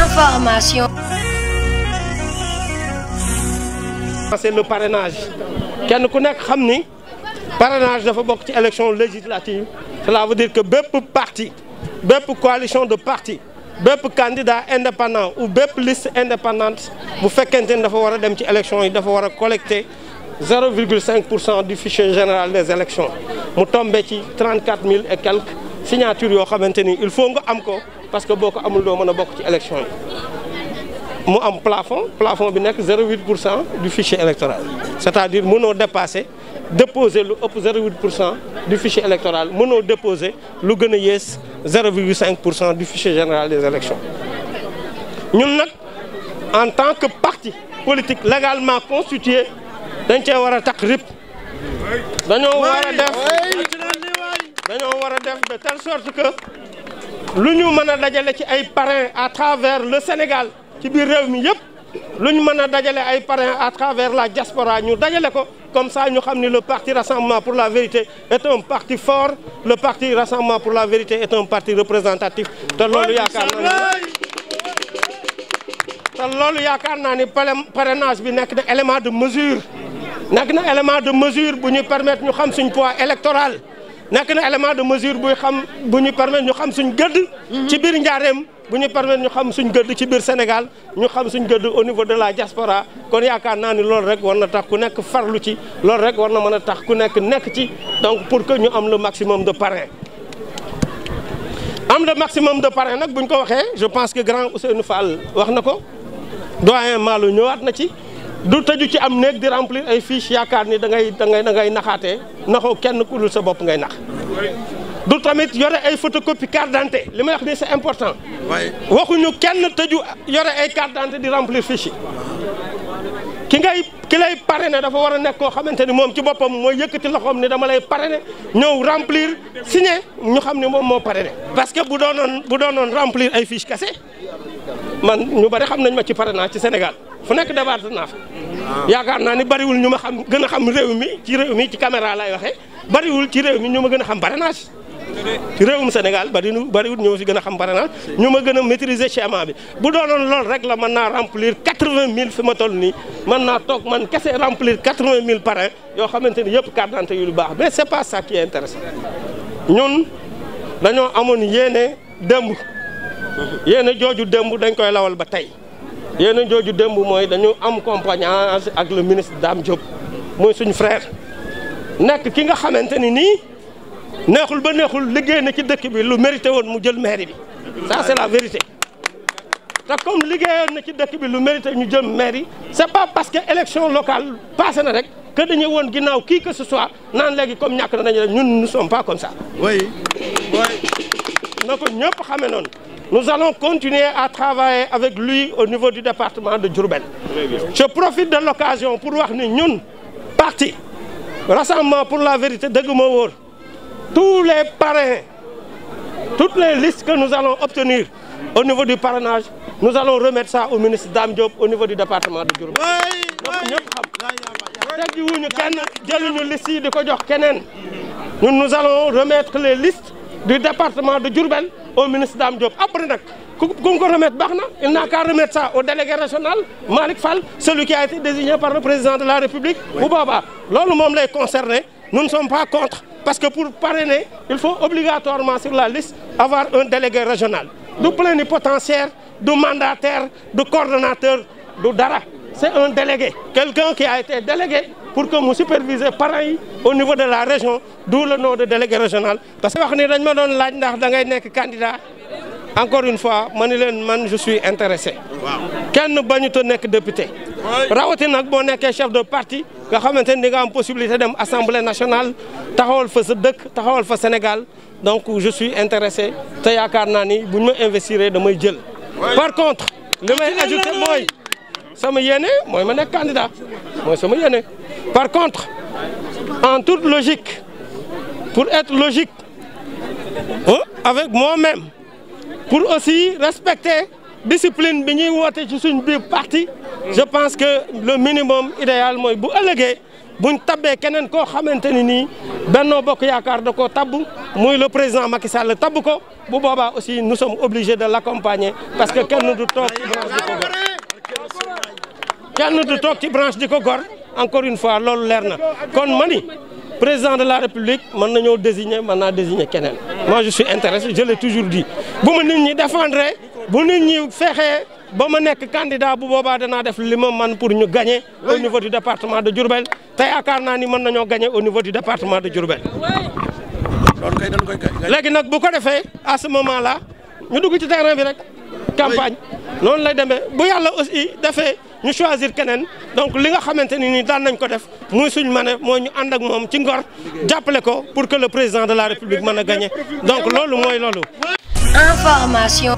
information. c'est le parrainage kenn ku nekk xam ni parrainage dafa bokk ci élection législative cela veut dire que bépp parti bépp coalition de parti bépp candidat indépendant ou bépp liste indépendante bu fekkente ni dafa war a dem ci élection yi dafa war a collecter 0,5 pour cent du fichier général des élections mu tombe ci 34 000 et quelques signatures yoo xamante ni il faut nga am ko. parce que boo ko amul doo mën a bokk ci élection yi mu am plafond plafon bi nekk 0,8 pour cent du fichier électoral c'est-à-dire mënoo dépassé déposé lu ëpp 0,8 pour cent du fichier électoral mënoo déposé lu gën a yées 0,5 pour cent du fichier général des élections ñun nag en tant que parti politique légalement constitué dañ cee war a takk rip dañoo war a def a def de telle sorte que lu ñu mën a dajale ci ay parrain à travers le Sénégal ci biir réew mi yëpp lu ñu mën a dajale ay parrain à travers la diaspora ñu dajale ko comme ça ñu xam ni le parti rassemblement pour la vérité est un parti fort le parti rassemblement pour la vérité est un parti représentatif te loolu yaakaar naa te loolu yaakaar naa ni parrainage bi nekk na élément de mesure nekk na élément de mesure bu ñu permettre ñu xam suñ poids électorale nekk na élément de mesure buy xam bu ñu permettre ñu xam suñ gëdd. ci biir njaareem bu ñu permettre ñu xam suñ gëdd ci biir Sénégal ñu xam suñ gëdd au niveau de la diaspora kon yaakaar naa ni loolu rek war na tax ku nekk farlu ci loolu rek war na mën a tax ku nekk nekk ci donc pour que ñu am le maximum de parrain. am le maximum de parrain nag bu ko waxee je pense que grand Ousseynou Fall wax na ko doyen Malou ñëwaat na ci. du tëju ci am néeg di remplir ay fiches yaakaar ni da ngay da da ngay naxaatee naxoo kenn ku dul sa bopp ngay nax du tamit yore ay photocopie carte d'identité li may wax ni c'est important waxuñu kenn tëju yore ay carte di remplir fiche ki ngay ki lay parrainé dafa war a nekk koo xamante ni moom ci boppam mooy yëkkati loxoom ni dama lay parrainé ñëw remplir signé ñu xam ne moom moo parrainé parce que bu doonoon bu doonoon remplir ay fiche kese man ñu bari xam nañ ma ci pare naa ci Sénégal fu nekk débarqué naa fa. yaakaar naa ni bariwul ñu ma xam gën a xam réew mi ci réew mi ci caméra lay waxee bariwul ci réew mi ñu ma gën a xam parrainage. ci réewum Sénégal bari nu bariwul ñu ma fi gën a xam parrainage ñu ma gën a maîtriser schéma bi bu doonoon loolu rek la mën naa remplir quatre-vingt mille fi ma toll nii mën naa toog man kese remplir quatre-vingt mille parrain yoo xamante ni yëpp carte d'identité yu lu baax mais c'est pas ça qui est intéressant ñun dañoo amoon yéene démb yéene jooju démb dañ koy lawal ba tey yéena jooju démb mooy dañu am compagnage ak le ministre Dame Diop mooy suñu frère nekk ki nga xamante ni nii neexul ba neexul liggéey na ci dëkk bi lu mérité woon mu jël mairie bi ça c'est la vérité te comme liggéey liggéeyoon na ci dëkk bi lu mérité ñu jël mairie c'est pas parce que élection locale passé na rek que dañuy woon ginnaaw kii que ce soit naan léegi comme ñàkk na dañu ñun nous sommes pas comme ça oui oui na ko ñëpp xamee noonu Nous allons continuer à travailler avec lui au niveau du département de Diourbel. Je profite de l'occasion pour wax ni ñun parti Rassemblement pour la vérité dëgg moo wóor tous les parrains toutes les listes que nous allons obtenir au niveau du parrainage nous allons remettre ça au ministre Dame Diop au niveau du département de Diourbel. donc ñëpp xam teg ji wuñu di ko jox keneen ñun nous du département de Diourbel au ministre Dame Diop après nag ku ku ko remettre baax na il n'a qu'à remettre ça au délégué régional Malick Fall celui qui a été désigné par le président de la République bu boobaa loolu moom lay concerné nous ne sommes pas contre parce que pour parrainer il faut obligatoirement sur la liste avoir un délégué régional du plénipotentiaire du mandataire de coordonnateur du dara c'est un délégué quelqu'un qui a été délégué pour que mu superviser parents yi au niveau de la région d'où le nom de délégué régional parce que wax ni dañ ma doon laaj ndax da ngay nekk candidat encore une fois ma ni leen man je suis intéressé kenn bañut a nekk député rawati nag boo nekkee chef de parti nga xamante ni di nga am possibilité dem assemblée nationale taxawal fa sa dëkk taxawal fa Sénégal donc je suis intéressé te yaakaar naa ni bu ñu ma investir damay jël may ajouté sama yéene mooy ma nekk candidat mooy sama yéene par contre en toute logique pour être logique avec moi-même pour aussi respecter discipline bi ñuy woote ci suñ biir parti je pense que le minimum idéal mooy bu ëllëgee buñ tabbee keneen koo xamante ni nii Benno Bokk Yaakaar da koo tabb muy le président Macky Sall tabb ko bu booba aussi nous sommes obligés de l'accompagner parce que kenn du toog branche kenn du toog ci branche di ko gor encore une loolu leer na kon mani président de la république mën nañoo désigner mën naa désigner keneen moi je suis intéressé je l'ai toujours dit bu ma nit ñi défendre bu nit ñi fexee ba ma nekk candidat bu boobaa danaa def li ma man pour ñu gagner au niveau du département de Diourbel te yaakaar naa ni mën nañoo gagner au niveau du département de Diourbel loolu kay dañ léegi nag bu ko defee à ce moment là ñu dugg ci terrain bi rek campagne noonu lay demee bu yàlla aussi defee ñu choisir keneen donc li nga xamante ni nii daan nañ ko def muy suñ mën a mooy ñu ànd ak moom ci ngor jàppale ko pour que le président de la république mën a gagné donc loolu mooy loolu. information.